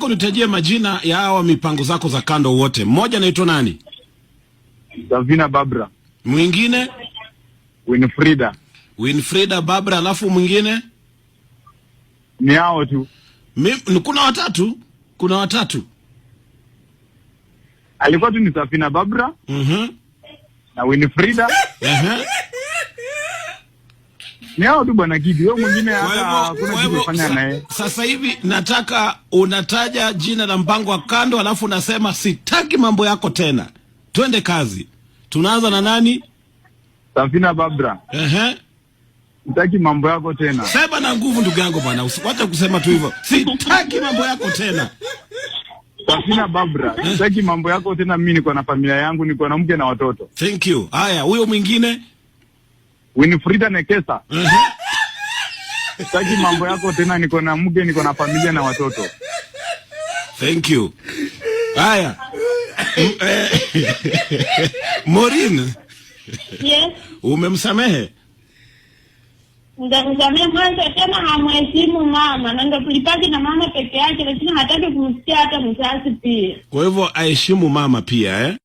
Unitajie majina ya hawa mipango zako za kando wote. Mmoja anaitwa nani? Davina Babra. Mwingine? Winfrida. Winfrida Babra, alafu mwingine? Ni hao tu. Mi, kuna watatu? Kuna watatu. Alikuwa tu ni Davina Babra. Mhm. Mm na Winfrida. Mhm. ni hao tu bwana Gidi, wewe mwingine hata hakuna kitu kufanya naye. Sasa hivi nataka unataja jina la mpango wa kando, alafu unasema sitaki mambo yako tena, twende kazi. Tunaanza na nani? Safina Babra. Ehe, sitaki mambo yako tena. Sema na nguvu, ndugu yangu bwana, usiwache kusema tu hivyo, sitaki mambo yako tena. Safina Babra, eh. sitaki mambo yako tena. Mimi niko na familia yangu, niko na mke na watoto. Thank you. Haya, huyo mwingine Winifrida Nekesa. Sitaki mambo yako tena, niko na mke, niko na familia na watoto. Thank you. Haya. Morin. Yes. Umemsamehe? Ndamsamehe mwanzo tena hamheshimu mama na ndio tulipaki na mama peke yake, lakini hataki kumsikia hata mzazi pia. Kwa hivyo aheshimu mama pia eh?